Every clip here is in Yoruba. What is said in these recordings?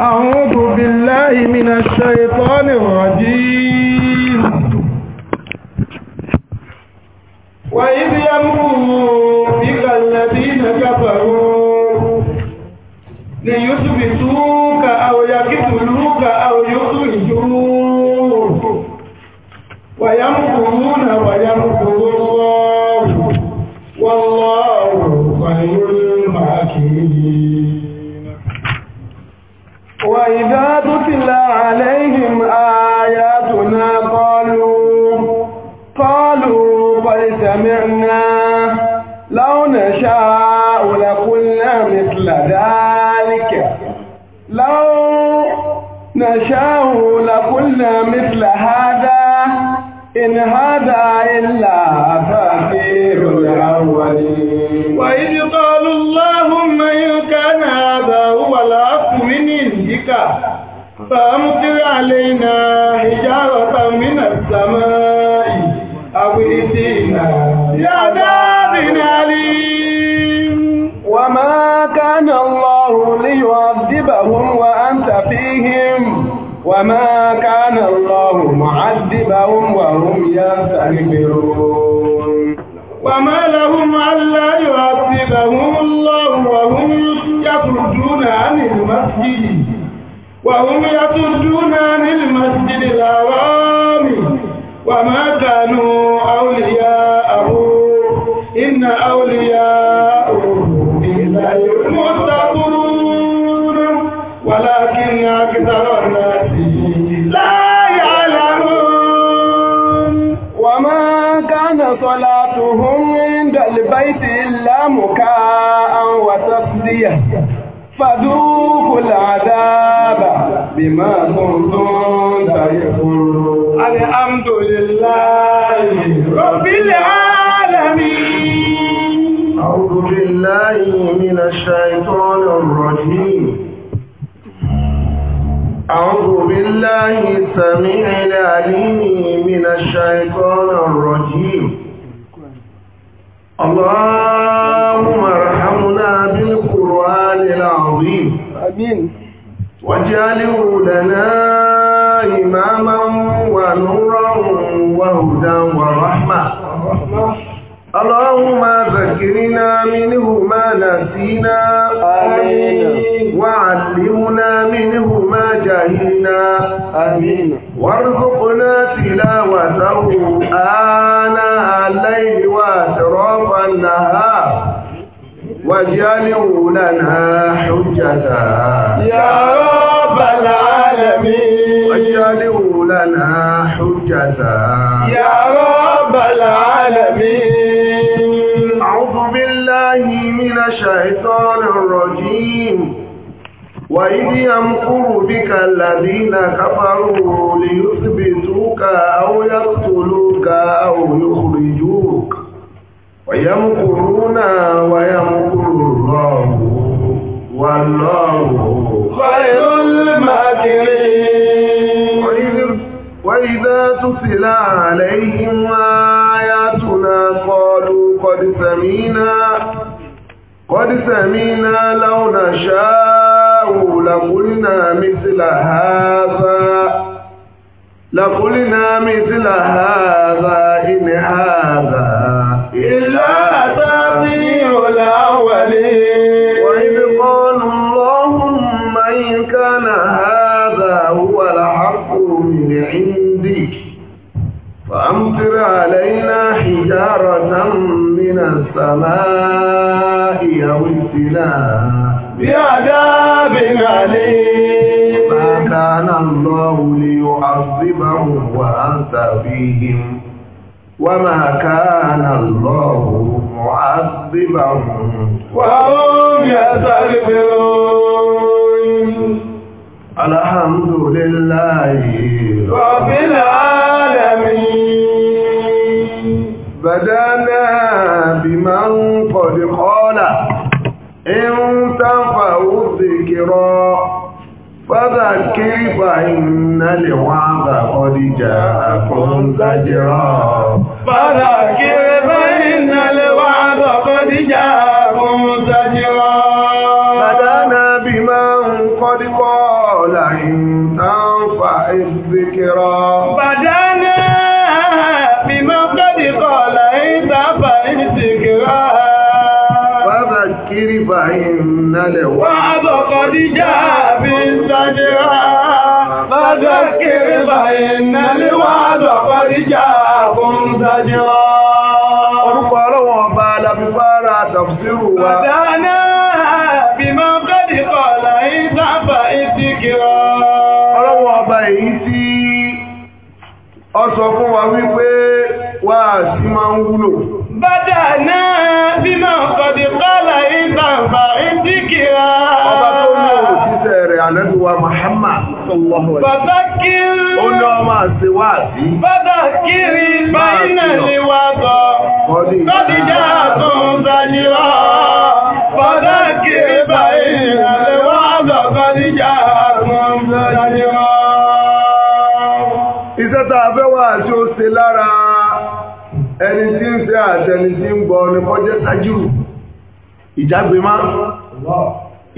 أعوذ بالله من الشيطان الرجيم وإذ يمكر بك الذين كفروا ليثبتوك أو يقتلوك أو يخرجوك ويمكرون ويمكرون هذا إلا أساطير الأولين وإذ قالوا اللهم إن كان هذا هو الحق من عندك فأمطر علينا حجارة من السماء أو ائتنا بعذاب أليم وما كان الله ليعذبهم وأنت فيهم وما كان الله معذبهم وهم يستغفرون وما لهم ألا يعذبهم الله وهم يصدون عن المسجد وهم يصدون عن المسجد الحرام وما كانوا أولياء بكاء وتصدية فذوقوا العذاب بما كنتم تكفرون الحمد لله رب العالمين أعوذ بالله من الشيطان الرجيم أعوذ بالله السميع العليم من الشيطان الرجيم اللهم ارحمنا بالقرآن العظيم آمين واجعله لنا إماما ونورا وهدى ورحمة اللهم ذكرنا منه ما نسينا آمين وعلمنا منه ما جهلنا آمين وارزقنا تلاوته آناء الليل وأتراب والنهار واجعله لنا حجة يا رب العالمين واجعله لنا حجة يا رب العالمين أعوذ بالله من الشيطان الرجيم وإذ يمكر بك الذين كفروا ليثبتوك أو يقتلوك أو يخرجوك ويمكرون ويمكر الله والله خير الماكرين وإذا تتلى عليهم آياتنا قالوا قد سمينا قد سمينا لو نشاء لقلنا مثل هذا لقلنا مثل هذا إن هذا إلا أساطير الأولين وإذ قالوا اللهم إن كان هذا هو الحق من عندك فأمطر علينا حجارة من السماء أو ائتنا بعذاب أليم ما كان الله ليعذبهم وأنت فيهم وما كان الله معذبهم وهم يستغفرون الحمد لله رب العالمين بدأنا بمن قد قال إن تنفعوا الذكرى فذكر فإن الوعد قد جاءكم زجرا ربنا sí máa ń wúlò. Bádà náà bí máa kọ̀dí kọ́lá ìgbàmbà ìdí kìíra. Ọba tó ní òṣìṣẹ́ rẹ̀ ànẹ́lúwa Muhammad sallallahu alaihi. kiri. Ó ní ọmọ àti kiri báyìí ní wá bọ̀. Kọ́dí já tún kiri báyìí ní wá bọ̀. Kọ́dí já tún sáyíra. Iṣẹ́ tá fẹ́ wá àti ó ṣe lára. ẹni tí ń fẹ́ àtẹni tí ń bọ̀ ní kọjẹ́ sájúrù ìjágbé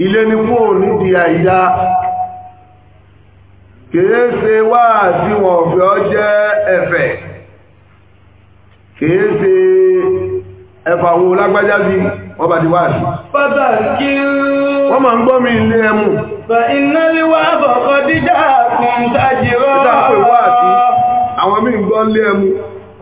ilé ni fún òní di àìyá kìí wá àti wọ̀n fẹ́ ọ jẹ́ ẹ̀fẹ̀ kìí ṣe ẹ̀fà wo lágbájá bí wọ́n bá gbọ́ mi ilé gbọ́ ilé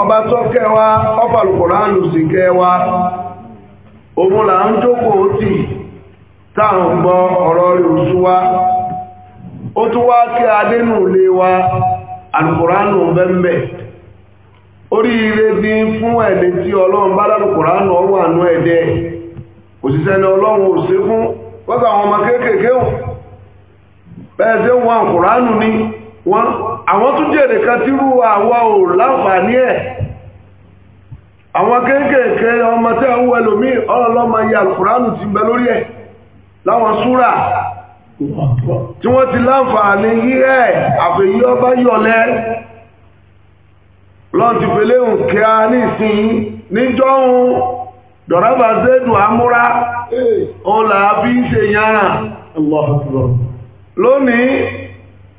ọba tó kẹwa ọfàlùkùnrà àlùsì kẹwa òun là ń jókòó tì táwọn ọ̀rọ̀ rẹ̀ òṣù wa ó tún wá kí adénù lé wa alùkùránù bẹ́m̀bẹ̀ ilé bí fún ẹ̀dẹ̀ tí ọlọ́run bá lálùkùránù ọwọ́ àánú ẹ̀dẹ́ òṣìṣẹ́ ni ọlọ́run fún wọ́n ọmọ kéékèèké bẹ́ẹ̀ àkùránù ni wọ́n àwọn tún jẹ́ nìkan tí rú àwa ò láǹfààní ẹ̀ àwọn kéékèèké ọmọ tẹ́ ń wẹlò mí ọlọ́lọ́mọ yẹ alùpùránù ti bẹ lórí ẹ̀ láwọn súrà tí wọ́n ti láǹfààní yíyẹ́ àfèyí ọba yọ̀lẹ́ lọ́n ti fèlé òkè a ní ìsìn níjọ́ ohun dọ̀rọ̀bà zédù amúra òun làá ṣe yára lónìí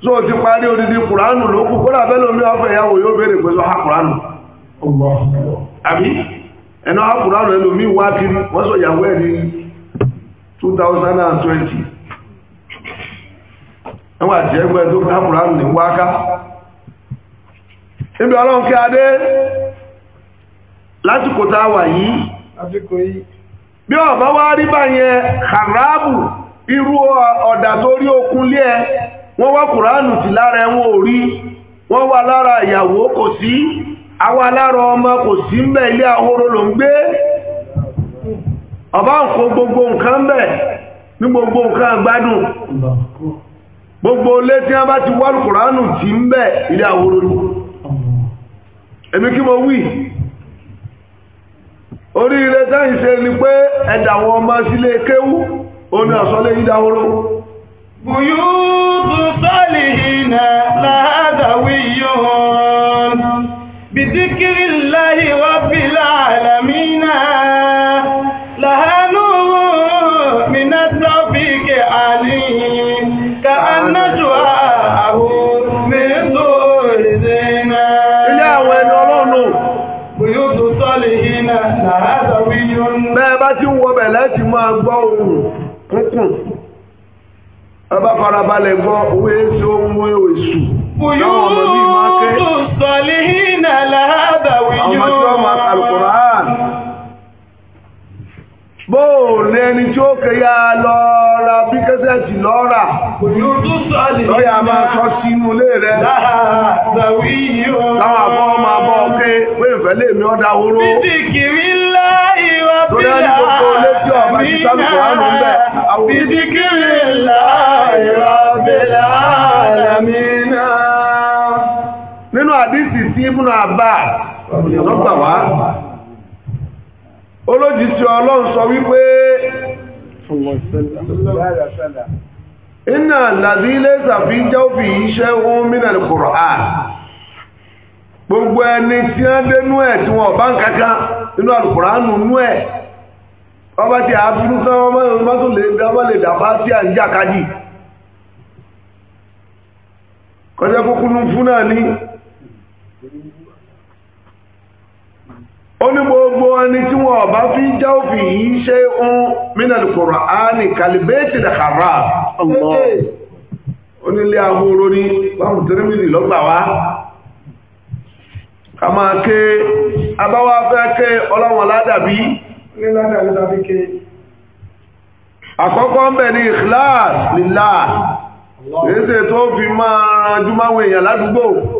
tó ti parí odidi kùránù ló kú kódà bẹ́ẹ̀ lómi ọ̀fẹ́ ìyàwó yóò bèèrè pé ha kùránù àbí ẹ̀nà ha kùránù ẹlòmí wá kiri wọ́n sọ ìyàwó ẹ̀ ní 2020 ẹwà tí ẹgbẹ́ tó ká ní níbi ọlọ́run kí lásìkò tá a wà yìí bí ọ̀bá wá rí báyẹn irú ọ̀dà tó rí okun lé ẹ wọ́n wá kùránù sí lára ẹ̀wọ̀n orí wọ́n wá lára ìyàwó kò sí àwa lára ọmọ kò sí mbẹ̀ ilé ahoro ló ń gbé ọba nǹkan gbogbo nǹkan mbẹ̀ ní gbogbo nǹkan gbádùn gbogbo ilé tí wọ́n bá ti wá kùránù sí mbẹ̀ ilé ahoro ló èmi kí mo wí oríire táyì ṣe ni pé ẹ̀dà ọmọ sílé kéwú ó ní ọ̀sọ́lé yídáhóró بيوت صالح farabalẹ̀ gbọ́ owó èso ohun èsù náà tí wọ́n máa al lọ ra bí kẹ́sẹ̀tì lọ́ra. Lọ́yà máa sọ sínú ilé rẹ̀. Láàbàwí yóò. máa bọ̀ ké pé ìfẹ́lẹ́ mi ọ̀dà oró. Bíbí kìrì ibùnà àbá lọ́gbà wá olójìsí ọlọ́run sọ wípé iná làbí ilé ìsàfí jẹ́ òfin iṣẹ́ ohun mínàlì Qur'an gbogbo ẹni tí a dénú ẹ̀ tí wọ́n bá ń kankan nínú alùkùránù nú ẹ̀ ọba tí a fi ń sọ ọmọ tó lè dábọ́ lè dàbá sí à ń jà kájì fún náà ní ó ní gbogbo ẹni tí wọ́n bá fi já òfin yìí ṣe ń mínàlì Kùránì kàlìbẹ́ẹ̀tì dàkàrà onílé ahoro ní báwọn tẹ́rẹ́mìlì lọ́gbà wá ká máa ké abáwá fẹ́ ké ọlọ́wọ̀n ládàbí àkọ́kọ́ ń bẹ̀ ní ìkìláàsì lílá èyí tó fi máa ranjú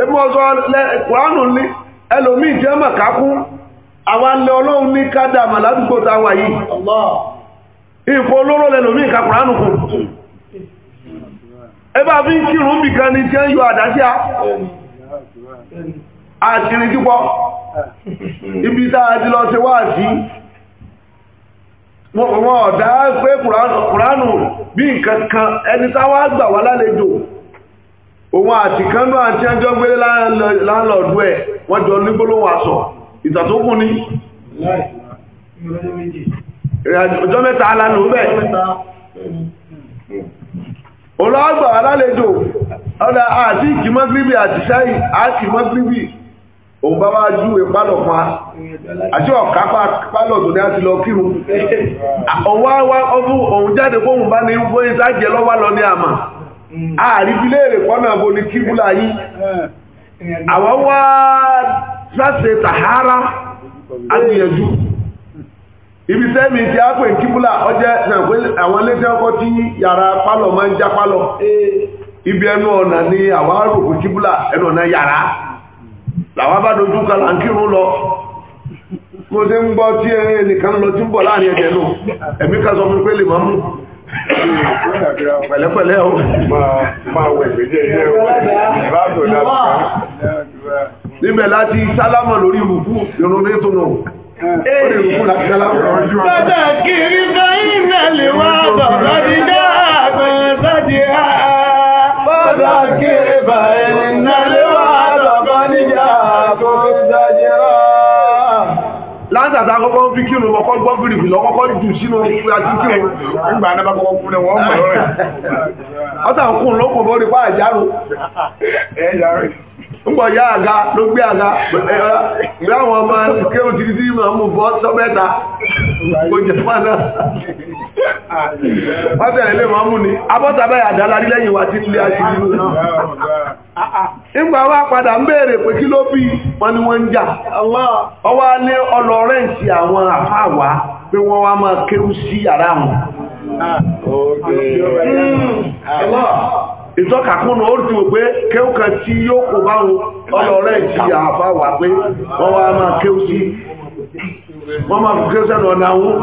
ebi ọzọ sọ kùránù ní ẹlòmíì jẹ́ màkákú àwọn alẹ́ ọlọ́run ní kádà màládùúgbò wà yìí ìfò olóró lẹ́lòmíì ka kùn Ebe a fi ń kírun jẹ́ yọ àṣírí kíkọ́ ibi ti lọ ṣe wá sí pé kùránù bí nǹkan kan ẹni táwà gbà wá lálejò òun àti kánú àti ẹjọ́ gbélé láńlọ́ọ̀dù ẹ̀ wọ́n jọ nígbólóhùn aṣọ ìtàtókùn ni ọjọ́ mẹ́ta lánà ó bẹ̀ olóògbà alálejò ọ̀dà àti ìkìmọ́gbìbì àti sáì àti ìmọ́gbìbì òun bá wá jú ìpálọ̀ pa àti ọ̀ká pálọ̀ tó ní àti lọ kírun òun jáde fóun bá ní wọ́n ìsájẹ́ lọ́wọ́ lọ ní àmà àríbílẹ̀ hmm. èrè pọ́nà bó ní kíbúlà yí hmm. àwọn wá sáṣẹ́ tàhárá agbìyànjú a pè kíbúlà ọjẹ́ àwọn iléeṣẹ́ ọkọ̀ tí yàrá a máa hmm. ibi ẹnu ọ̀nà ni mo ti ń gbọ́ tí ẹnìkan lọ tí ń bọ̀ láàrin ẹ̀jẹ̀ náà ẹ̀mí ká sọ fún pé lè máa mú pẹ̀lẹ́pẹ̀lẹ́ o máa wẹ̀ gbèjẹ́ ilé níbẹ̀ láti sálámà lórí ìrùkú ìrùn tó nù orí ìrùkú láti sálámà lórí ìrùkú bàbá kiri báyìnà lè wá bàbá dídá àgbẹ̀rẹ̀ sáàdì ọkọ gbọ́ bìrìbì lọ kọ́kọ́ jù sínú àtúntò nígbà náà bá kọ́kọ́ kú ní wọ́n mọ̀ lọ́rẹ̀ ọ́sà kún lókùn bó rí fáà ńgbọ̀ àga ló gbé àga ìgbà àwọn ọmọ mọ̀ mú bọ́ oúnjẹ wà náà wọ́n bẹ̀rẹ̀ lè máa mú ni abọ́tàbẹ́ àdálárí lẹ́yìn wa ti lé aṣílú nígbà wá padà ń béèrè pé kí ló bí wọn ni wọ́n ń jà ọwá ní ọlọ́rẹ́ǹtì àwọn àfáàwá pé wọ́n wá máa kéwú sí yàrá wọn ìtọ́kàkúnnù ó ti wò pé kéwú kan tí yóò kò báwọn ọlọ́rẹ́ǹtì àfáàwá pé wọ́n wá máa kéwú sí wọ́n máa fi kírísẹ́nù ọ̀nà àwọn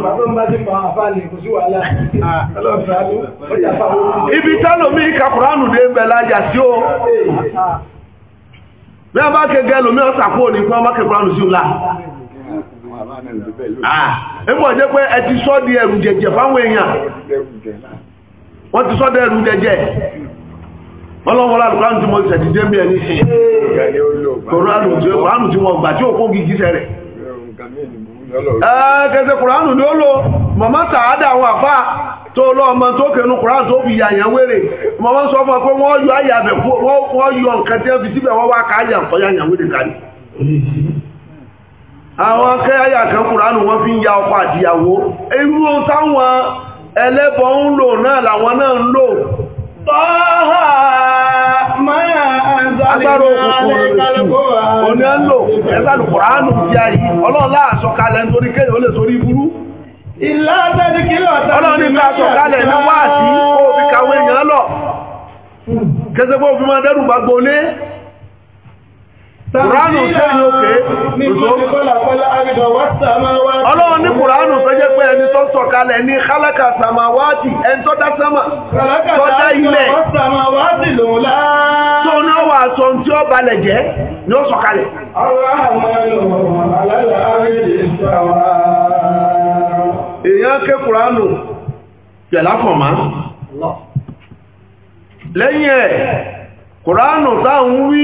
ibi tẹ́lòmí kàkùránù dé bẹ̀ lájà sí o bí a bá kẹgẹ́ lòmí ọ̀sàkó ní fún ọmọ kẹkùránù sí ńlá ẹgbọ́n jẹ́ pé ẹ ti sọ́ di ẹrù jẹjẹ fáwọn èèyàn wọ́n ti sọ́ di ẹrù jẹjẹ ọlọ́wọ́ lálùkánù tí mo ṣẹ̀dídé mi ẹni sí kòrò àlùkánù tí wọ́n gbà tí ó kó gígísẹ̀ rẹ̀ ẹ̀ẹ́dẹ̀ẹ́sẹ̀ kùránù ni ó lò mọ̀mọ́ sàádà àwọn àfá tó lọ ọmọ tó kẹnu kùránù tó fi yàyàn wèrè mọ̀mọ́ sọ fún ọ pé wọ́n yọ àyà bẹ̀ fún wọ́n yọ nǹkan tí wọ́n fi síbẹ̀ wọ́n wá ká àyà ń fọyà yàn kan kùránù wọ́n fi ń ya ọkọ àdìyàwó irú táwọn ẹlẹ́bọ ń lò náà làwọn náà ń lò. tọ́hà máa òní ẹ̀ ń lò ẹ̀sánù kùránù ti ayé ọlọ́run láàṣọ kalẹ̀ nítorí kéèyàn ó lè sórí burú. ìlà sẹ́ni kí lọ́ọ̀tà ọlọ́run ní ká kalẹ̀ ní wáàsí kó o fi kàwé èèyàn lọ hmm. kẹsẹ̀ fún òfin máa dẹ́rù bá gbolé Kùránù tẹ́ ní òkè ọlọ́run ní Kùránù tó jẹ́ pé ẹni tó sọ̀kalẹ̀ ní kálákà sàmáwáàtì ẹni tó dá sámà tó dá ilẹ̀ tó ní ọwà aṣọ tí ó balẹ̀ jẹ́ ni ó sọ̀kalẹ̀. èèyàn ké Kùránù tẹ̀lá fọ̀mà lẹ́yìn ẹ̀ Kùránù táwọn wí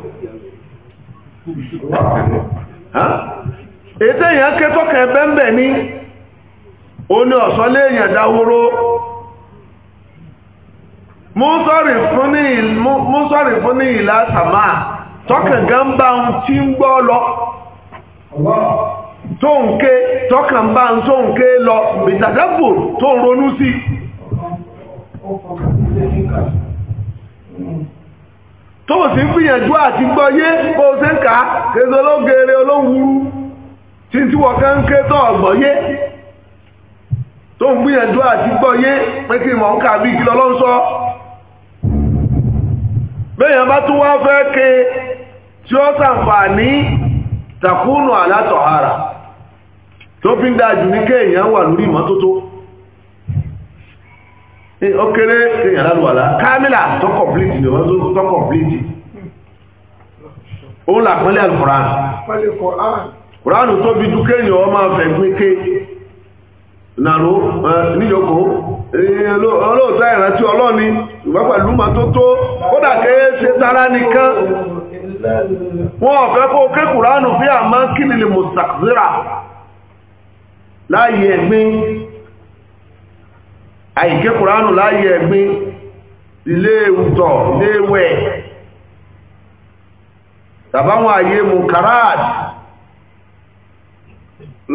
ètò èyàn ké tọ́kẹ̀ ní o ní ọ̀sán léèyàn dáwóró fún ní ìlà sàmà tọ́kẹ̀ gan bá tí ń gbọ́ lọ lọ ìtàdẹ́bò to ń tó o ń ń gbìyànjú àti gbọ́yé bó o ṣe ń kà á kéde ológeere olówuru tí tí wọ́n kàn ń ké tó ọ̀gbọ́yé tó ń gbìyànjú àti gbọ́yé pé kí mọ̀ ń kà bí kí lọ́lọ́ ń sọ. béèyàn bá tún wá fẹ́ ké tí ó ó kéré èèyàn lálùwàlá kámílà tó kọ̀pìlìtì ni wọ́n tó kọ̀pìlìtì òun là pẹ́lẹ̀ alùkùránù kùránù tó bí dúkẹ́ èèyàn wọ́n máa fẹ̀ gbé ké nàró níyókò olóòótọ́ ìrántí ọlọ́ni ìwọ́n pẹ̀lú ma tó tó kódà kéé ṣe tara nìkan wọn ò fẹ́ kó ké kùránù bí àmọ́ kí ni lè mọ̀ sàkúrà láàyè anyị kùránù láyé ẹ̀gbin ilé ìwùtọ̀ ilé ìwẹ̀ tàbáwọn àyè mukarat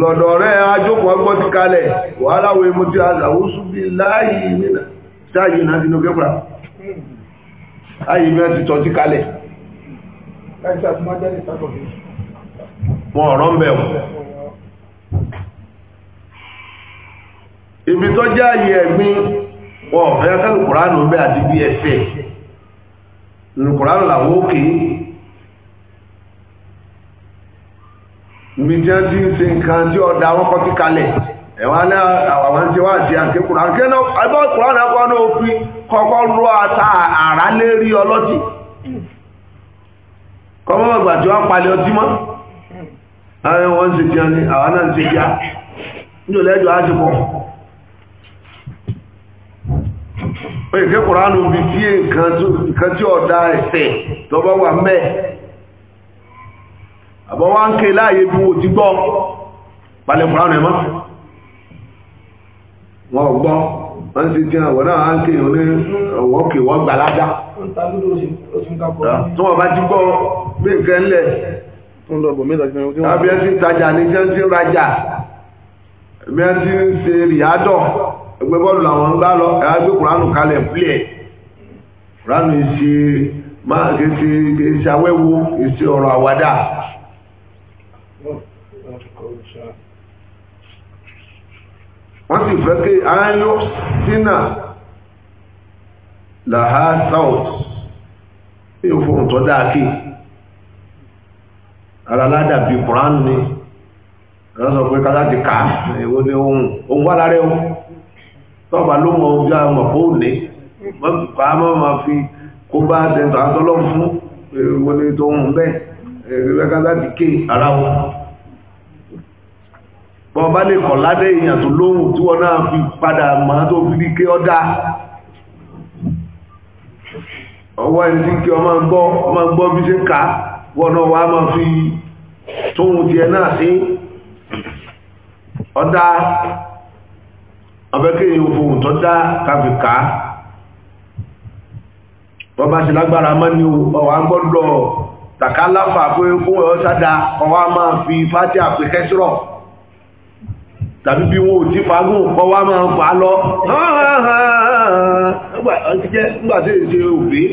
lọ́dọ̀ rẹ̀ ajókòó ọgbọ́ ti kalẹ̀ wàhálà súnbí láàyè ìmìnà náà ti nókè kùrà láyé ìmìnà ibi tó jẹ́ àyè ẹ̀gbin wọn ò fẹ́ kẹ́lù àti bí ẹsẹ̀ nínú kùránù òkè ibi tí wọ́n ti ń ṣe nǹkan tí ọ̀dà wọn kọ́ ẹ̀wọ̀n ní àwọn tí wọ́n àti àti kí ẹ̀nà àbọ̀ òfin kọ́kọ́ ata àrá ọlọ́tì tí wọ́n palẹ̀ ọtí mọ́ àwọn ń ní àwọn náà ó yẹ kí kùránù bí tí nǹkan tí ọ̀dá ẹ̀sẹ̀ lọ́bọ̀ wà mẹ́ àbọ̀ wá ń ké láàyè bí o ti gbọ́ palẹ̀ kùránù ẹ̀ mọ́ wọn gbọ́ wọ́n ti jẹ́ àwọn náà ń ké ní ọ̀wọ́ kè wọ́n gbà ládá tí wọ́n bá ti gbọ́ bí nǹkan ńlẹ̀ àbí ẹ ti tajà ní jẹ́ ń ti rajà ẹ̀mí ẹ ti ń se rìádọ̀ ẹgbẹ́ bọ́ọ̀lù làwọn ń gbá lọ ẹ̀ á gbé kuranu kalẹ̀ fúlẹ̀ kuranu ìṣe máa kéṣe kéṣe awẹ́wo ìṣe ọ̀rọ̀ àwàdà. wọ́n sì fẹ́ kí ayọ́ sínà làhá south ní òfin tó dáa kí kuranu ni wọ́n sọ pé tọ́ba ló mọ ojú àwọn fóònù mọ́tòkọ́ a máa ma fi kó bá tẹ̀tọ̀ àtọ́lọ́ fún wọlé tó ń bẹ́ẹ̀ rẹ́kátà ti ké ara wọn. bọ́n bá lè kọ̀ ládé èèyàn tó lóhùn tí wọ́n náà fi padà máa tó fi ní ké ọ́dà ọwọ́ ẹni tí kí ọmọ gbọ́ ọmọ gbọ́ bí ṣe ń wọ́n náà wàá máa fi tóhun tiẹ̀ náà sí ọ̀dà abẹ́kẹ́yìn ohun tó dá káfí ká wọ́n bá ṣe lágbára mọ́ ní ọwà gbọ́dọ̀ tàkálàfà pé ohun ẹ̀ sádà ọwà máa fi fájì àpè kẹ́sìrọ̀ tàbí bí wọn ò tí fagún ọwà máa ń pa lọ nígbàtí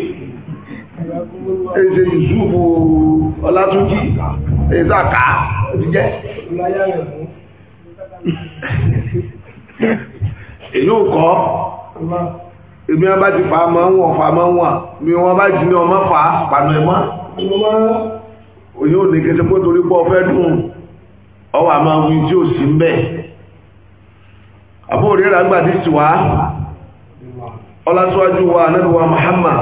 èyí ò kọ́ èmi wọn bá ti fa máa ń wọ̀ fa máa ń wà mi wọn bá jí ní ọmọ fa pàdé ẹ̀ mọ́ òyìn ò ní kẹsẹ̀ pé torí pé ọfẹ́ dùn ọwọ́ àmà wí tí ò sí ń bẹ̀ àbúrò rírà gbàdí sí wa ọlásíwájú wa anábíwa Muhammad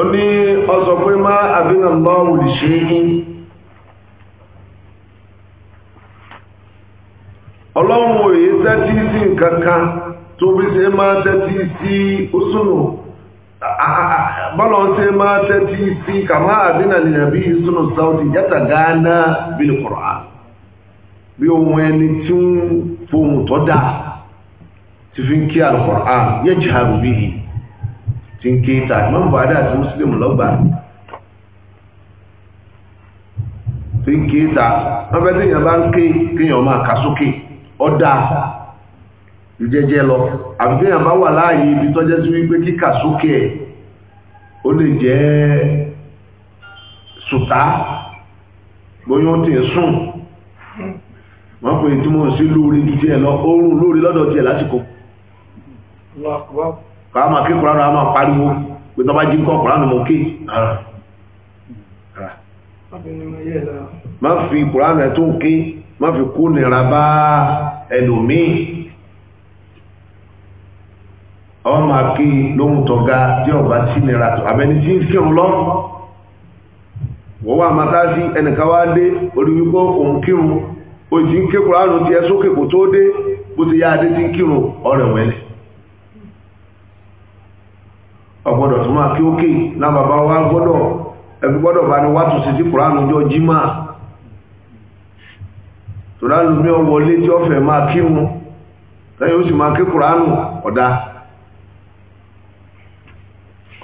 ó ní ọsọ pé má àbínà lọ́wọ́ lè ṣe ọlọ́run òye tẹ́tí sí nǹkan kan tó bí ṣe máa tẹ́tí sí òsùnù ah, ah, ah, bọ́lọ̀ ṣe máa tẹ́tí sí kàmá àdínà lìnàbí ìsùnù sáwọ́dì yàtà gánà bílẹ̀ kọ̀rọ̀ bí ohun ẹni tí ń fohùn tọ́ da ti fi ń kí alùkọ̀rọ̀ yẹ jìhà rúbí yìí ti ń ké ta ìmọ̀ àti mùsùlùmí lọ́gbà ti ń ta wọ́n fẹ́ tí èèyàn ọ̀dà ìjẹjẹ lọ àfihàn bá wà láàyè ibi tọ́jẹ́ sí wípé kíkà sókè ẹ̀ ó lè jẹ́ sùtá bóyá ó ti sùn wọ́n pè tí mo sí lórí ju tiẹ̀ lọ oorun lórí lọ́dọ̀ tiẹ̀ lásìkò kàá pariwo pé tọ́ bá jí nǹkan má fi kó nira bá ẹlòmíì ọmọ akí lóhun tọ̀ga tí ọba sí nira tó abẹni tí ń lọ wọ́n wà máa sáàsì ẹnìkan wá dé orí wípé òun kírun ó ti ń ké Kùránù tiẹ̀ sókè kò tó dé bó ti yá adé ti ń kírun tó máa kí ókè náà bàbá wa tòrá lómi ọwọlé tí ọfẹ máa kírun lẹ́yìn oṣù máa kí kùránù ọ̀dá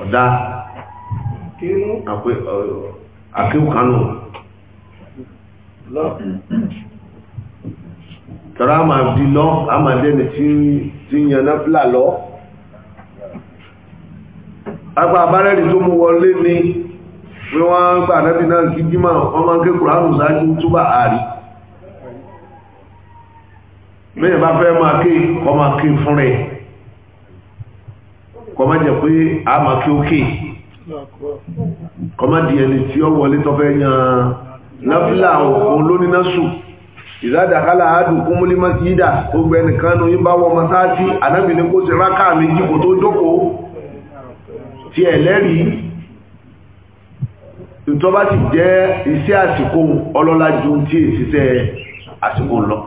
ọ̀dá akéwùkánù tọ́rọ a máa di lọ a máa dẹ́ni tí ń yẹn náfílà lọ apá abárẹ́rì tó mú wọlé ni wọ́n gbà náà kí ké bẹ́ẹ̀ bá fẹ́ máa ké kọ́ máa ké fún rẹ̀ kọ́ máa jẹ́ pé a máa ké ókè kọ́ máa di ẹni tí ó wọlé tó fẹ́ yan náfìlà òun lónìí sùn ìdádàkálà àádùkú múlímọ́ sí ìdá gbogbo ẹnìkan nù yí bá wọ masáàtì ànábì ní kó ṣe rákà méjì kò tó jókòó tí ẹ̀ lẹ́rìí ìtọ́bá ti jẹ́ iṣẹ́ àsìkò ọlọ́lá ju tí èsìṣẹ́ àsìkò lọ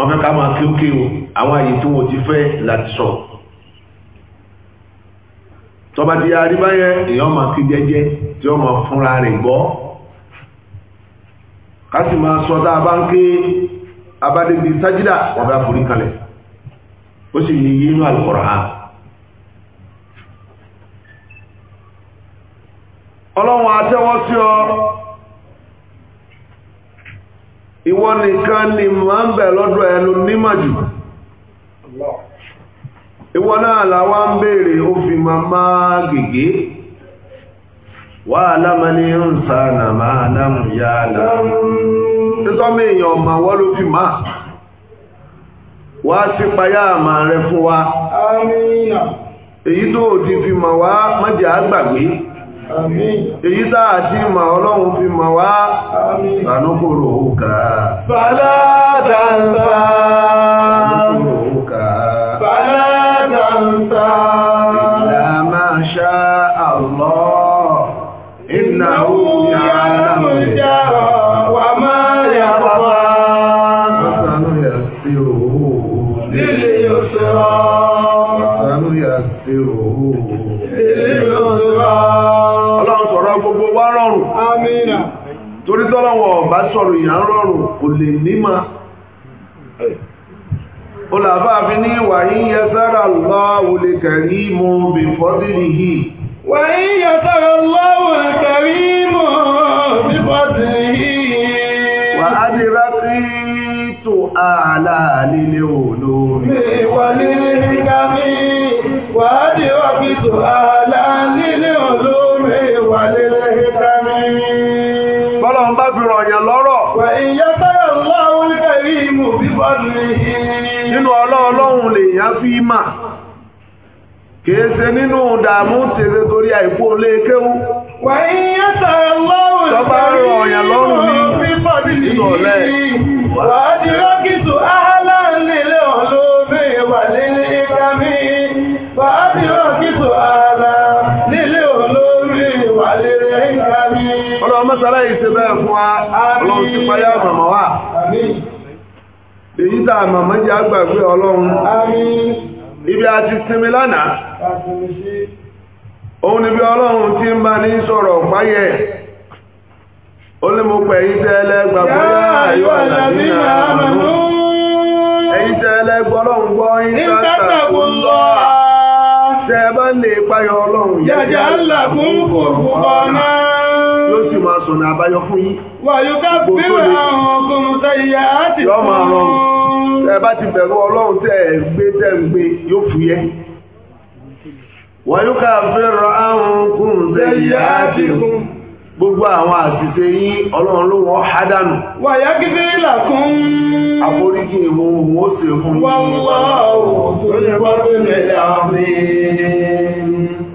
wọ́n fẹ́ ká máa kí ó kí o àwọn àyè tí wọ́n ti fẹ́ láti sọ tọba ti aríbáyẹ èèyàn máa kí jẹ́jẹ́ tí wọ́n máa fúnra rẹ̀ gbọ́ ká máa sọ tá a bá ń ké abádébi sájídà wọ́n fẹ́ forí kalẹ̀ ó sì ní yínú Al-Qur'an ọlọ́run àtẹ́wọ́ sí ọ ìwọ nìkan ni máa ń bẹ̀ lọ́dọ̀ ẹnu nímọ̀jù ìwọ náà làwa ń béèrè ó fi mamá gègé wà lámà ní ń sàánà máa dámù yá láàmù títọ́mí èèyàn ọmọ wọ́n ló fi máa èyí táà tí ma ọlọ́run fi ma wá sànúkòrò òkà. Fàlá dáńtà. sọ̀rọ̀ ìyà ń rọrùn kò lè nímọ̀ olàbáàfin ní wà ní yẹsára lọ́wọ́ lè kẹ̀rí mú bí fọ́dìrì yìí wà ní yẹsára lọ́wọ́ kẹ̀rí mú bí fọ́dìrì yìí wà wà á kìí ṣe nínú ìdààmú tèrè torí àìkú olé kéwú. wàyí yàtọ̀ lọ́wọ́ ìjọba rọ ọ̀yàn lọ́rùn ní nínú ọ̀lẹ́. wàá di rọ́kìtù áhálà nílé olóògbé wà nílé kámi. wàá di rọ́kìtù áhálà nílé wà nílé yìí ṣe bẹ́ẹ̀ fún wa ọlọ́run ti wa. èyí tá a màmá jẹ́ ibi àti sinmi lánàá òun níbi ọlọ́run ti ń bá ní sọ̀rọ̀ páyẹ̀ ó ní mo pẹ̀ yí tẹ́ lè ọlọ́run yàjá yóò sì máa sọ̀nà àbáyọ fún yín wà yóò ká àwọn ọkùnrin ẹ bá ti bẹ̀rù ọlọ́run tẹ́ ẹ̀ gbé tẹ́ gbé yóò fúyẹ́ wọ́n yóò ká fẹ́ràn áhùn kùn sẹ́yìn gbogbo àwọn àṣìṣe yín ọlọ́run ló wọ́n há dànù. wàyà kíkẹ́ ìlà kún. àforíjì òun ó fún yín. wọ́n wá òun tó lè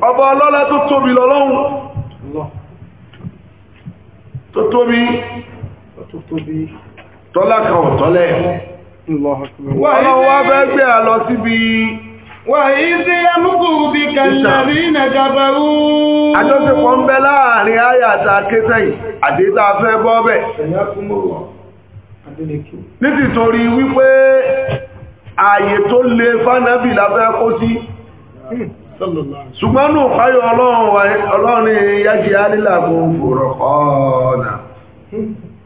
ọba ọlọ́lá tó tóbi wọ́n wá fẹ́ gbé à lọ síbi. وَإِذْ يَمْكُرُ بِكَ الَّذِينَ كَفَرُوا Àjọṣepọ̀ ń bẹ láàrin àyà àti akéṣẹ́yìn, àdéta fẹ́ bọ́ bẹ̀. Nítìtorí wípé ààyè tó lè fánàbì lábẹ́ kó sí. Hmm. Ṣùgbọ́n nù páyọ ọlọ́run yájí alílàgbò fòrọ̀ ọ̀nà.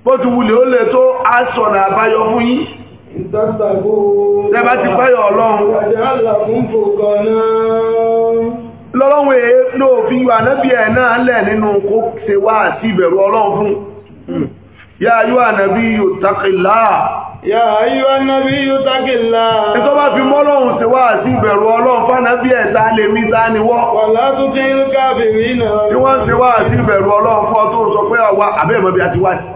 Bó ti wulè ó lè tó aṣọ̀nà àbáyọ fún yín ìtàtàgbò lẹ́bá ti pẹ́yọ̀ ọlọ́run lọ́lọ́run èé ló fi wà náàbí ẹ̀ náà lẹ̀ nínú kó ṣe wá àti ìbẹ̀rù ọlọ́run fún yá ayú ànàbí yóò takìlá yá ayú ànàbí bá fi mọ́lọ́run ṣe wá àti ìbẹ̀rù ọlọ́run fánàbí ẹ̀ tá lè mí tá ni wọ́n wọ́n tún ti ń káàbì rí náà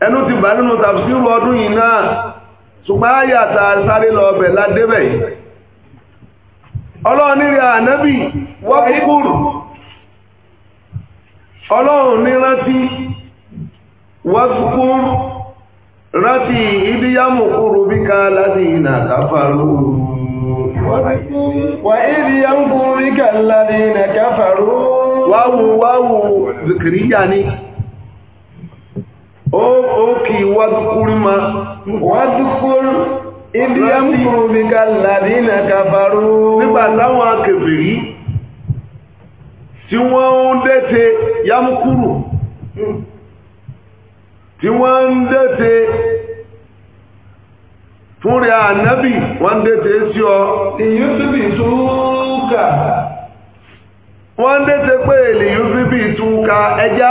ẹnu ti bá nínú tàbísírù ọdún yìí náà ṣùgbọ́n àyàtà sáré lọ ọbẹ̀ ládébẹ̀ ọlọ́run nírí ànábì wọ́pùpùrù ọlọ́run nírántí wọ́pùpùrù rántí ìdíyàmù kúrò bí ká láti ìnà káfàrú wà ìdíyàmù kúrò bí ká láti ìnà káfàrú wáwù wáwù zikiriya ni. ókè wádùkúrí ma ibi ya ń kúrò bí ká na kàfàrú nígbà táwọn tí wọ́n ń dẹ́tẹ̀ ya ń tí wọ́n ń dẹ́tẹ̀ fún ànábì wọ́n ń dẹ́tẹ̀ sí ọ ìyúsùbì túkà wọ́n ń dẹ́tẹ̀ pé èlì yúsùbì túkà ẹjá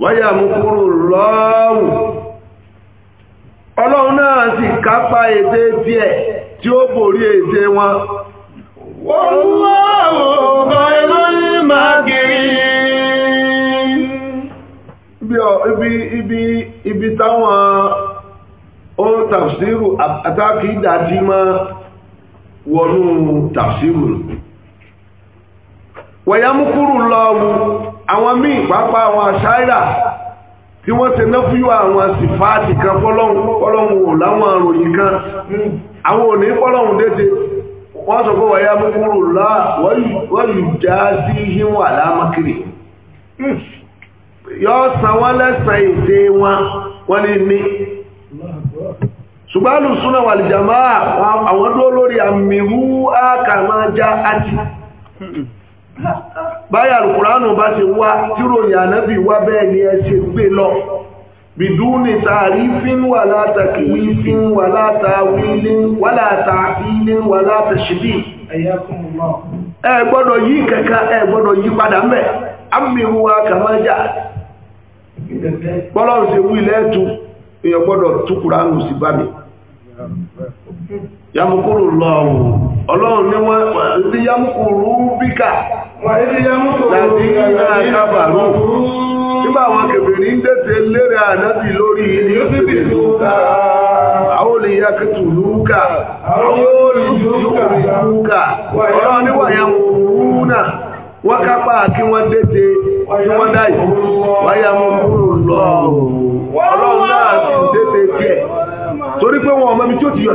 wáyà mú kúrò lọ́wù ọlọ́run náà sì kápá ète tiẹ̀ tí ó borí èdè wọn. ibi ibi ibi táwọn ohun tafsiru àtàkì ìdájí máa wọnú tafsiru wọ̀yámúkúrù lọ́wọ́ àwọn míì pápá àwọn àṣáírà tí wọ́n ti ná fúyọ́ àwọn sífáàtì kan fọ́lọ́hun fọ́lọ́hun ò láwọn àròyìn kan àwọn òní fọ́lọ́hun dédé wọ́n sọ pé wọ́yá múkúrò láà wọ́n yìí já sí híwọ̀n àlámákiri yọ́ san wọ́n lẹ́sàn èdè wọn wọ́n ní ní ṣùgbọ́n alùsúnà wà lìjàmáà àwọn dúró lórí àmìrú àkàmájá àti báyà alùkùránù bá ṣe wá tíròyìn ànábì wá bẹ́ẹ̀ ni ẹ ṣe gbé lọ bìdúnì tààrí fín wà látàkì fín wà látàwí wà wà ẹ gbọ́dọ̀ yí kẹ̀kẹ́ ẹ gbọ́dọ̀ yí padà mẹ́ ṣe wí lẹ́ẹ̀tù èèyàn gbọ́dọ̀ túkùránù sí bá mi ọlọ́run ní wọ́n ti Nàìjíríà kábàrú. Nígbà àwọn kèbèrè ń dẹ̀tẹ̀ lérè ànábì lórí ilé ìfẹ́ lúkà. Àwọn olèyà kìtù lúkà. Àwọn olùdókòrè lúkà. Ọ̀rọ̀ níwà yà náà. Wọ́n kápá kí wọ́n kí wọ́n dá yìí. Wáyà mú kúrò lọ. Ọlọ́run náà tiẹ̀. Torí pé wọn tí ó ti yọ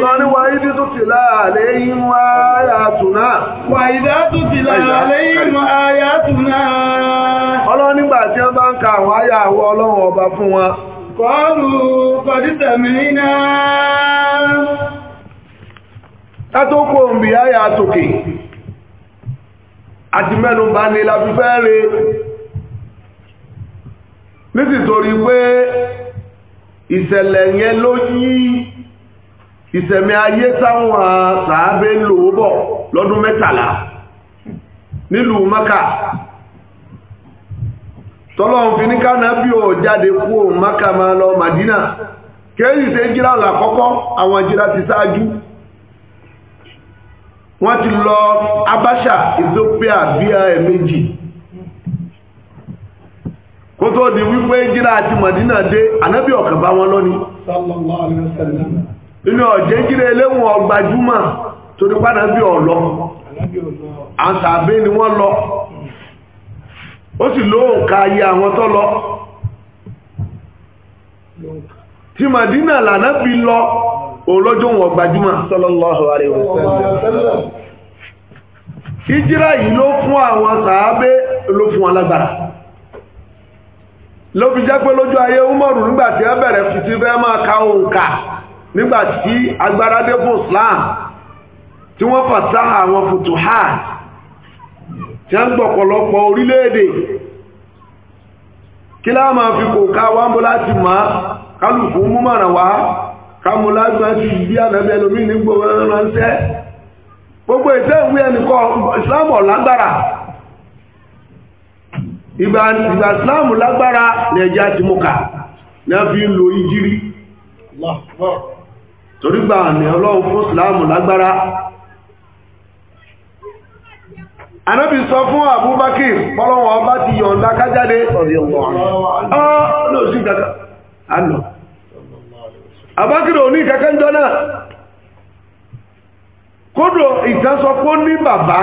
ọlọ́ni wa ibi tó ti láàlẹ́ yìí wá náà. wà ìdá tó ti láàlẹ́ yìí wá yàtùnà ọlọ́ni gbà tí wọ́n bá ń ka àwọn àyà ọlọ́run ọba fún wọn kọlù kọdítẹ̀mìnà tátókò òmì àti la nítorí pé ìṣẹ̀lẹ̀ yẹn ló yí ìsẹ̀mí ayé táwọn sàábé lò lọ́dún mẹ́tàlá nílùú maka tọ́lọ́run fi ní kánábí maka ma lọ madina kéyì sí jíra làkọ́kọ́ àwọn jíra ti sáájú wọ́n ti lọ abáṣà ethiopia bíi ẹ̀mẹ́jì kó tó di wípé jíra àti madina dé ànábì ọ̀kan bá wọn lọ ni inú ọ̀jẹ́ jíre eléwọ̀n ọgbàjúmọ̀ torí padà bí ọ̀lọ́ àtàbí ni wọ́n lọ ó sì lóhùn ka ayé àwọn tó lọ tí Madina lànà fi lọ òlójó wọn ìjírá yìí ló fún àwọn sàábé ló fún ló fi jẹ́ pé lójú ayé Umaru nígbàtí ẹ bẹ̀rẹ̀ fìtí fẹ́ máa ka nígbàtí agbára dé fún Islam tí wọ́n fàtà àwọn futuhat tí a ń gbọ̀pọ̀lọpọ̀ orílẹ̀-èdè kí láà máa fi kò ká wá ń bó láti máa kálùkù mú màrà wá kámú lágbà sí ìdí ànábẹ́ lómi ní gbogbo ránṣẹ́ gbogbo ìṣẹ́ ìwé ẹnìkọ́ ìsìláàmù lágbára ìgbà lágbára lẹ́jà ní a fi ń torígbà àmì ọlọ́run fún ìsìláàmù lágbára anábì sọ fún Abubakar pọ́lọ́wọ́ ọba ti yọ̀ǹda kájáde Abubakar ò ní kankan jọ náà kódò ìtẹ́sọpọ́ ní bàbá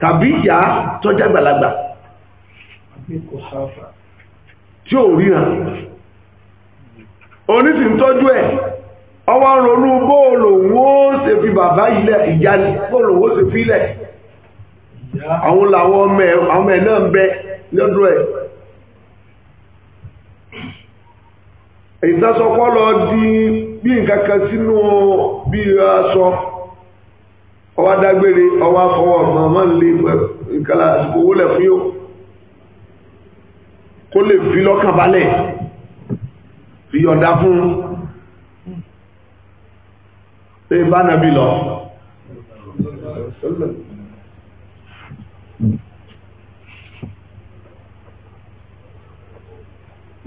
tàbí ìyá tọ́já gbàlagbà tí ò ríran onísìntọ́jú ẹ̀ ọwọ́ ronú bóòlù wó ṣe fi bàbá ilẹ̀ ìyá bóòlù wó ṣe fi ilẹ̀ àwọn làwọn ọmọ ẹ̀ náà ń bẹ lọ́dún ẹ̀ ìdásọpọ̀ lọ di bí nǹkan kan sínú bí aṣọ ọwọ́ adágbére ọwọ́ afọwọ́ màmá lè nǹkan àsìkò owó lẹ̀ fún yóò kó lè fi lọ́kàn balẹ̀ fi yọ̀ǹda fún un. tó ibá nàbí lọ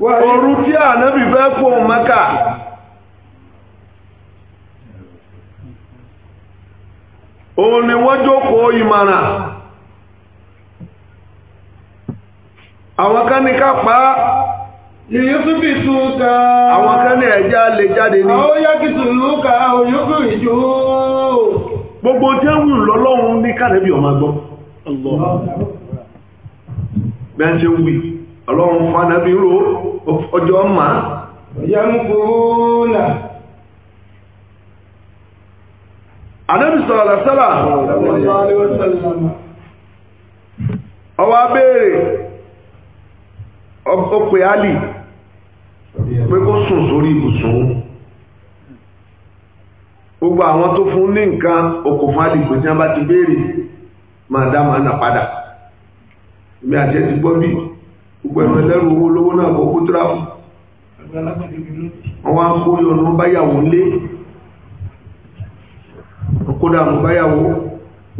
òru tí ànábì fẹ́ fún òun ni wọ́n jókòó pa yìí fi tún ká. àwọn kan ní ẹja lè jáde ní. àwọn yá kìtù ló ka òyìnbó gbogbo jẹ́wù lọ́lọ́run ní kàrẹ́bì ọmọ gbọ́. bẹ́ẹ̀ ṣe wí ọlọ́run fanabi ro ọjọ́ mà. ìyá ń kúrò abéèrè pé kó sùn sórí ibùsùn gbogbo àwọn tó fún ní nǹkan okòfún àdìgbò tí wọ́n bá ti béèrè máa dá máa nà padà èmi àti ẹ ti gbọ́ bí gbogbo ẹ̀rọ ẹlẹ́rù owó lówó náà kó kó tíráfù wọ́n wá ń kó yọnu wọ́n báyàwó lé kódà mo báyàwó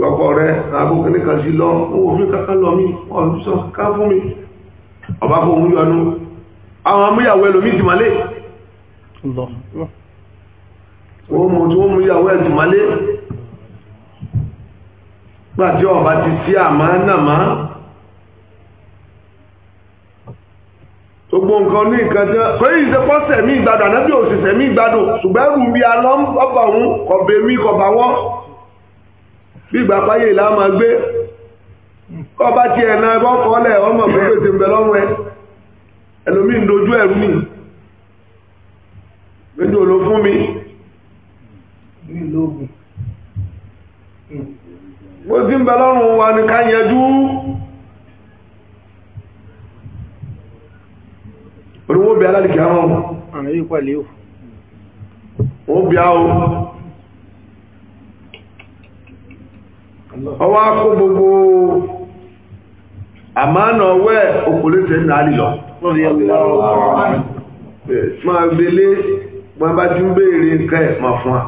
ọkọ rẹ abúkẹ́ nìkan sí lọ owó fi kankan lọ mí ọ̀rùn sọ ká fún mi ọba kò ń yọnu àwọn amúyàwó ẹlòmí ìdìmálé wọ́n mú tí wọ́n mú ìyàwó ẹ̀dìmálé gbàtí ọba ti sí àmà nàmá gbogbo nǹkan ní nǹkan tí wọ́n kọ́ yìí ṣe pọ́sẹ̀ mí ìgbádùn ànábì òṣìṣẹ́ mí ìgbádùn ṣùgbọ́n ẹrù bí alọ́ ọba òun kọ̀bẹ̀ mí kọ̀bà wọ́ bí ìgbà páyé ìlà máa gbé ọba tiẹ̀ náà ẹbọ́ kọ́lẹ̀ ọmọ gbogbo ẹlòmí ń dojú mi lójú mi ní ìlóògùn bó ti ń bẹ lọ́rùn wa ni ká yẹjú oríwó bí alálìkì àwọn ọ̀nà yìí pàlẹ́ bí ọwọ́ akó gbogbo ọwẹ́ máa gbélé máa bá ti ń béèrè nǹkan ẹ̀ máa fún wa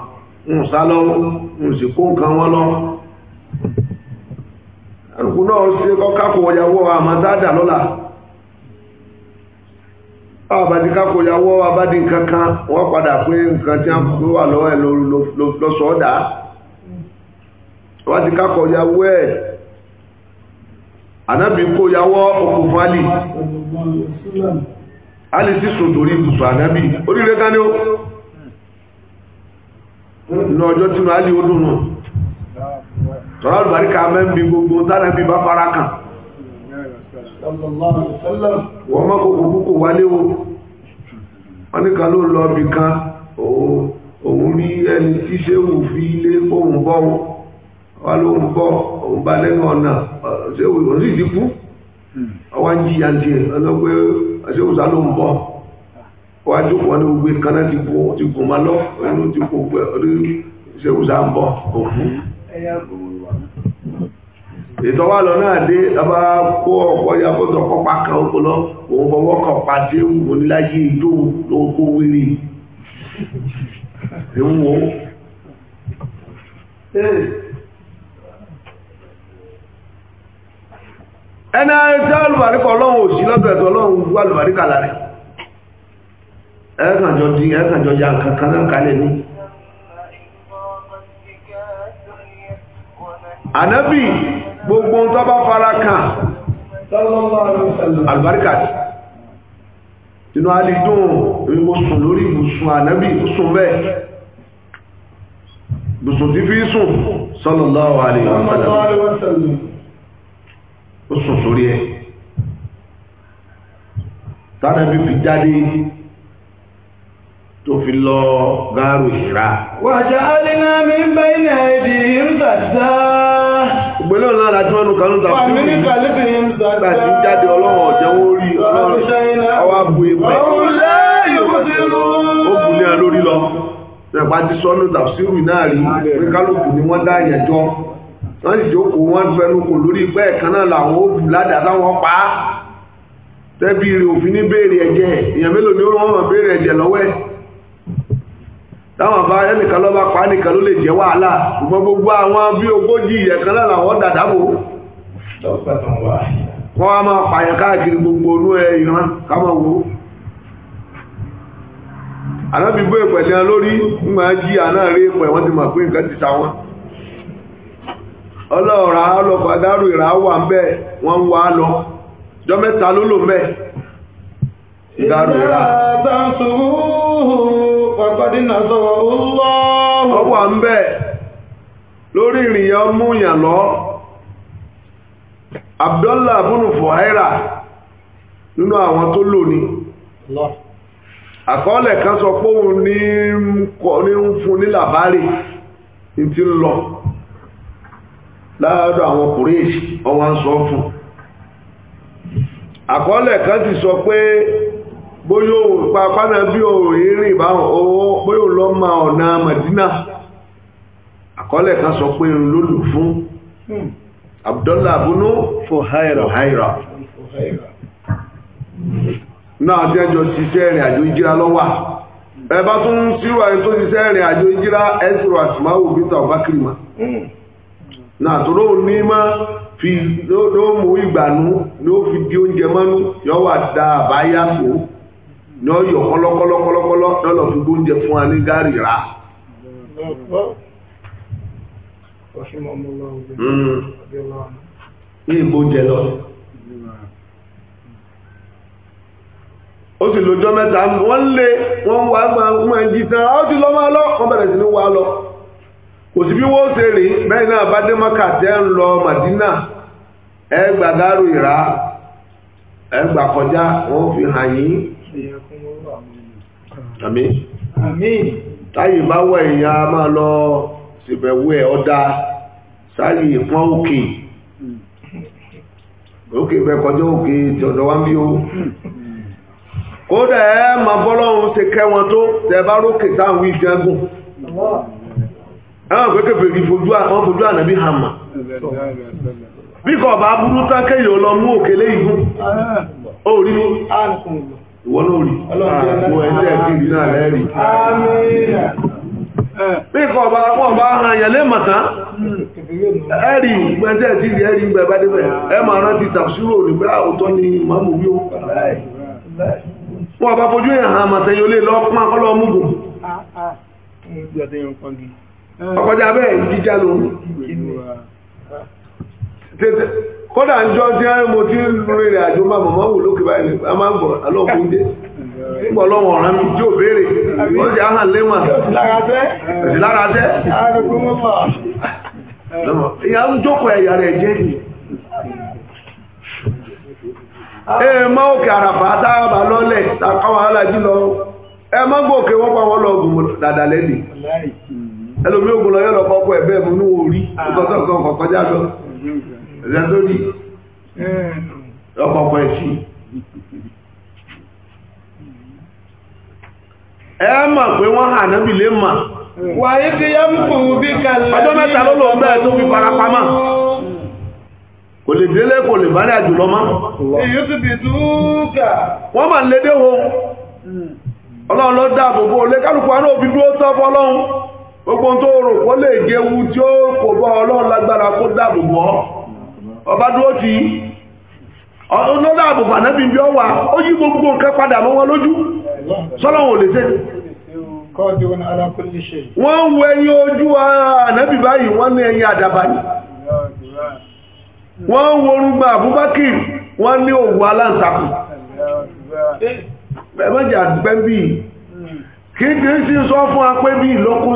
ń sá lọ́wọ́ ń sì kó nǹkan wọn lọ́wọ́ àrùkù náà ṣe kọ́kàkò ọ̀yàwó àmọ́tádà lọ́la àbájí kákò ìyàwó abádí nǹkan kan wọ́n padà pé nǹkan tí a ń wà lọ́wọ́ ẹ̀ lọ́sọ̀ọ́dà wọ́n ti kákò ìyàwó ẹ̀ anabi ko yawo oku fali ali si sodori buso anabi orire gani o ni ojo ti no ali odunu tora barika amen bi gbogbo tana bi ba farakan wa ma ko gbogbo ko wale o wani kan lo lo bi kan ohun ri eni ti se fi ile ohun bo wà ló ń bọ́ òun bá lẹ́nu ọ̀nà ṣé òun sì ti kú ọwá ń jí yàntì ọlọ́gbẹ́ ṣé òun sá ló ń bọ́ wà á jókòó ní gbogbo kaná ti kú ti kú ma lọ ẹnu ti kú gbẹ ọdún ṣé òun sá ń bọ́ òkú. ètò wa lọ náà dé ọba kó ọkọ ya kó tọkọ pa kan oko lọ òun fọwọ́ kan pa oníláyé ìjó ló kó wíri ewu wo. ẹni tí alùbáríkà ọlọ́run òsì lọ́gbẹ̀ẹ́ ọlọ́run wà lùbáríkà lárẹ̀ ẹ̀ẹ́kànjọ́ di ẹ̀ẹ́kànjọ́ ya kankan ní Anabi gbogbo tó fara kan alùbáríkà inú alìdún ìmọ̀sùn lórí ìbùsùn ànábì sùn bẹ́ẹ̀ ìbùsùn tí fi sùn ó sùn sórí ẹ̀ tánàbí fi jáde tó fi lọ gáàrù ìṣìra wàjá alìnà mi bẹ́ iná ìdí ìrúsàtà ògbélé ọ̀nà àti mẹ́nu kanú tàbí ìgbàtí jáde ọlọ́wọ̀ jẹ́wọ́ rí ọlọ́run ọwá bu ìpẹ́ ó bù ní wọ́n sì jókòó wọ́n fẹnukò lórí pé ẹ̀kan náà làwọn ó bù ládàá táwọn pa á tẹ́bí rẹ̀ òfin ní béèrè ẹ̀jẹ̀ èèyàn mélòó ni wọ́n mọ̀ béèrè ẹ̀jẹ̀ lọ́wọ́ ẹ̀ táwọn bá ẹnìkan lọ́ bá pa á nìkan ló lè jẹ́ wàhálà ṣùgbọ́n gbogbo àwọn bí ogójì ẹ̀kan náà làwọn dàdá bò wọ́n wá máa pààyàn káàkiri gbogbo onú ẹ ìran káwọn wò ó àná fi gbé ìpẹ̀lẹ́ lórí ń ọlọ́ọ̀rá ọlọ́pàdárù ìrà wà ń bẹ́ wọ́n ń wá lọ jọ mẹ́ta ló lò mẹ́ ìdárù ìrà ọwà ń bẹ́ lórí ìrìyà ọmú ìyàn lọ Abdullah nínú àwọn tó lò ní àkọọ́lẹ̀ kan sọ pé òun ní ń fún ní làbárì ti ń lọ láàárọ̀ àwọn kùrèèṣì ọwọ́ ń sọ fún àkọọ́lẹ̀ kan ti sọ pé bóyá pa pánà bí òòrùn ìrìn ìbáhùn owó bóyá lọ ma ọ̀nà Madina àkọọ́lẹ̀ kan sọ pé irun fún hmm. Abdullah abunú fún náà tí ẹjọ́ àjò ìjíra lọ́wà tún àjò ìjíra àtìmáwò náà tó lóun ní má fi ló mú ìgbànú ló fi di oúnjẹ mọ́nú yọ wà dá àbáyá tó ní ọyọ kọlọkọlọkọlọkọlọ lọlọ fi gbóúnjẹ fún wa ní gàrí rà. ní ìgbóúnjẹ lọ. ó sì lójọ́ mẹ́ta wọ́n lé wọ́n wá máa ń jí tán ó ti lọ́ máa lọ́ wọ́n bẹ̀rẹ̀ sí ní wá lọ kò sí bí wọ́n ṣe rìn bẹ́ẹ̀ náà bá dé mọ́kà tẹ́ ń lọ màdínà ẹ gbà dárò ìrà ẹ gbà kọjá wọ́n fi hàn yín àmín àmín táyì bá wọ èèyàn a máa lọ ṣèbẹ̀wò ẹ̀ ọ̀dà sáyì ìpọ́n òkè òkè bẹ kọjá òkè tí ọ̀dọ̀ wá ń bí o kódà ẹ máa bọ́lọ́run ṣe kẹ́ wọn tó tẹ bá rókè táwọn ìjẹun ẹwọ́n pé kébèrè fojú ànàbí hàmà bí kọ̀ bá burú tákẹ́ yóò lọ mú ọ ìgún orí ní ìwọ́n lórí àwọn ẹ̀jẹ̀ kìrì náà lẹ́rìí bí kọ̀ bá pọ̀ bá hàn yẹ̀ lé màtá ẹ̀rì ìgbẹ́jẹ̀ tí bá ẹ máa rántí àwòtọ́ ah, ni wọ́n ọkọjá bẹ́ẹ̀ jíjá ló tètè kódà ń jọ tí mo ti ń rìnrìn àjò máa mọ̀mọ́ wò lókè báyìí a máa ń bọ̀ alọ́kùn dé nígbà ọlọ́wọ̀n ọ̀ràn mi jó béèrè òsì lára tẹ́ ìyá ń jókòó ẹ̀yà rẹ̀ jẹ́ ni ee òkè àràfà lọ́lẹ̀ lọ ẹ dàdà ẹlòmí ògùn lọ́yọ́ lọ pọ́pọ́ ẹ̀bẹ́ mú ní orí ah. ọkọ̀tọ̀kan kọ̀kọ́já lọ ẹ̀rẹ́ tó ní eh. ọpọ̀pọ̀ ẹ mọ̀ pé wọ́n lè wà ń bí kalẹ̀ ọjọ́ mẹ́ta ló lọ bẹ́ẹ̀ tó fi kò lè délé kò lè bá ní àjùlọ mọ́ èyí ti wọ́n mà lédè wo hmm. ọlọ́run ló dáàbò bò lé kálukú àná òbí dúró gbogbo tó rò kó lè jẹ́wu tí ó kò bọ́ ọlọ́run lágbára kó dáàbò bọ́ ọba dúró ti bí ó wà ó yí gbogbo nǹkan padà mọ́ wọn lójú sọ́lọ́wọ̀n ò lè ṣe wọ́n ń wo ẹyin ojú ànábì báyìí wọ́n ní ẹyin àdàbà yìí wọ́n ń wo orúgbà wọ́n ní òwú aláǹtakùn bẹ́ẹ̀ mọ́jà gbẹ́bí sí sọ fún apẹ́bí lọ́kọ́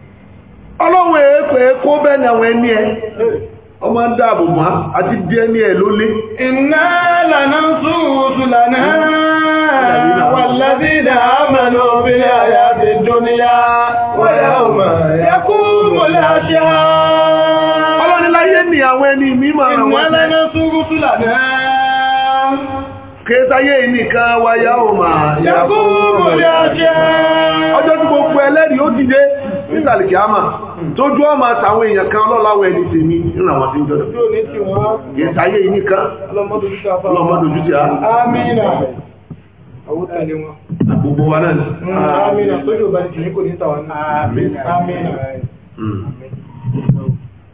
ọlọ́wọ́ ẹ̀ẹ́kọ̀ ẹ̀kọ́ bẹ́ẹ̀ ni àwọn ẹni ẹ ọmọ ń dáàbò mọ́ àti díẹ̀ ní ẹ̀ ló iná lànà sùúrù lànà wàlẹ́bí dàámà ló bí àyà ti wọ́yà ọmọ mọ́lẹ́ àṣà. ọlọ́ni láyé ni àwọn ẹni mi máa wọ́n. iná lànà sùúrù lànà. kéétáyé nìkan wáyà ọmọ ẹ̀kú mọ́lẹ́ àṣà. ọjọ́ tí ẹlẹ́rìí ó dìde kìámà. tójú ọmọ àtàwọn èèyàn kan ọlọ́láwọ̀ ẹni tèmi ìrìnà wọn sí ń jọdọ̀ yìí nìkan ọlọ́mọdójútì á gbogbo wa náà mm, tójú ọba ní kò ní tàwọn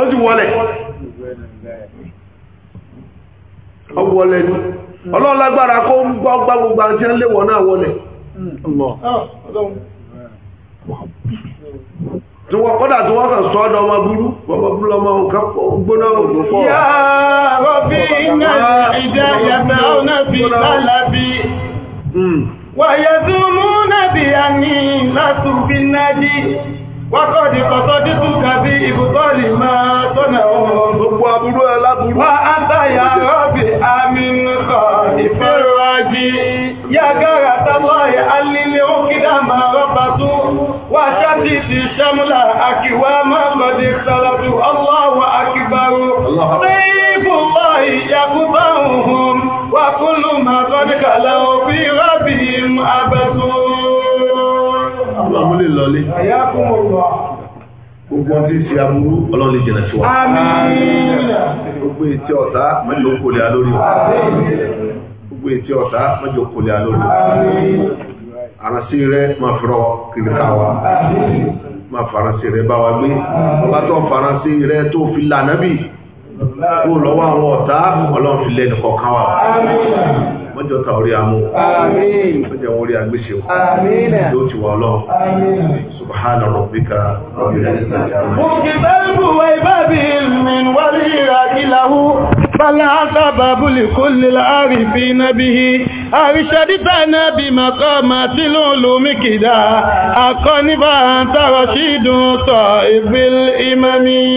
ó ọ wọlé ó wọlé ní ọlọ́lágbára kó ń gbọ́ gbá gbogbo àti ẹlẹ́wọ̀n náà wọlé tí kọ́dà tí sọ ọ́dọ̀ ọmọ ọmọ ọmọ gbóná ògbó wàyẹ̀ tó látùbí Wákọ̀dì kọ̀tọ́ dítú kàbí ibùtọ́lì máa tọ́nà ohun gbogbo aburú aláburú. Wá átàyà rọ́bì àmìnukọ̀ ìfẹ́rọ̀ájí. Yágára tábọ́ọ̀yà alílé ó kídà máa rọ́bà tún. Wá ṣáàtì ti ṣámúlà àkíwá máa lọ́dí sọ́lọ́tù Allahu akíbarú. Sífù mọ́ ìyàkúbá òhun. Wá kúlù máa kọ́ lọlé. Gbogbo ọtí ti aburú ọlọ́run lè jìnà sí wa. Gbogbo etí ọ̀tá mẹ́jọ kò lè alórí wa. Gbogbo etí ọ̀tá mẹ́jọ kò lè alórí wa. Àrànṣí rẹ̀ máa fọ̀rọ̀ kìlìkà wa máa faransé rẹ bá wa gbé bá tó faransé rẹ tó fi lànà bí kó lọ́wọ́ àwọn ọ̀tá ọlọ́run fi lẹ́nu kọ̀ọ̀kan wa wọ́n jọ ta orí amú wọ́n jẹ orí agbéṣe yóò ti wà lọ subhana rabbika rabbil izzati amma ibabil min wali ilahu bal asaba buli kulli arifin bihi arshaditana bi maqamati lumikida akoniba anta rashidun ta ibil imami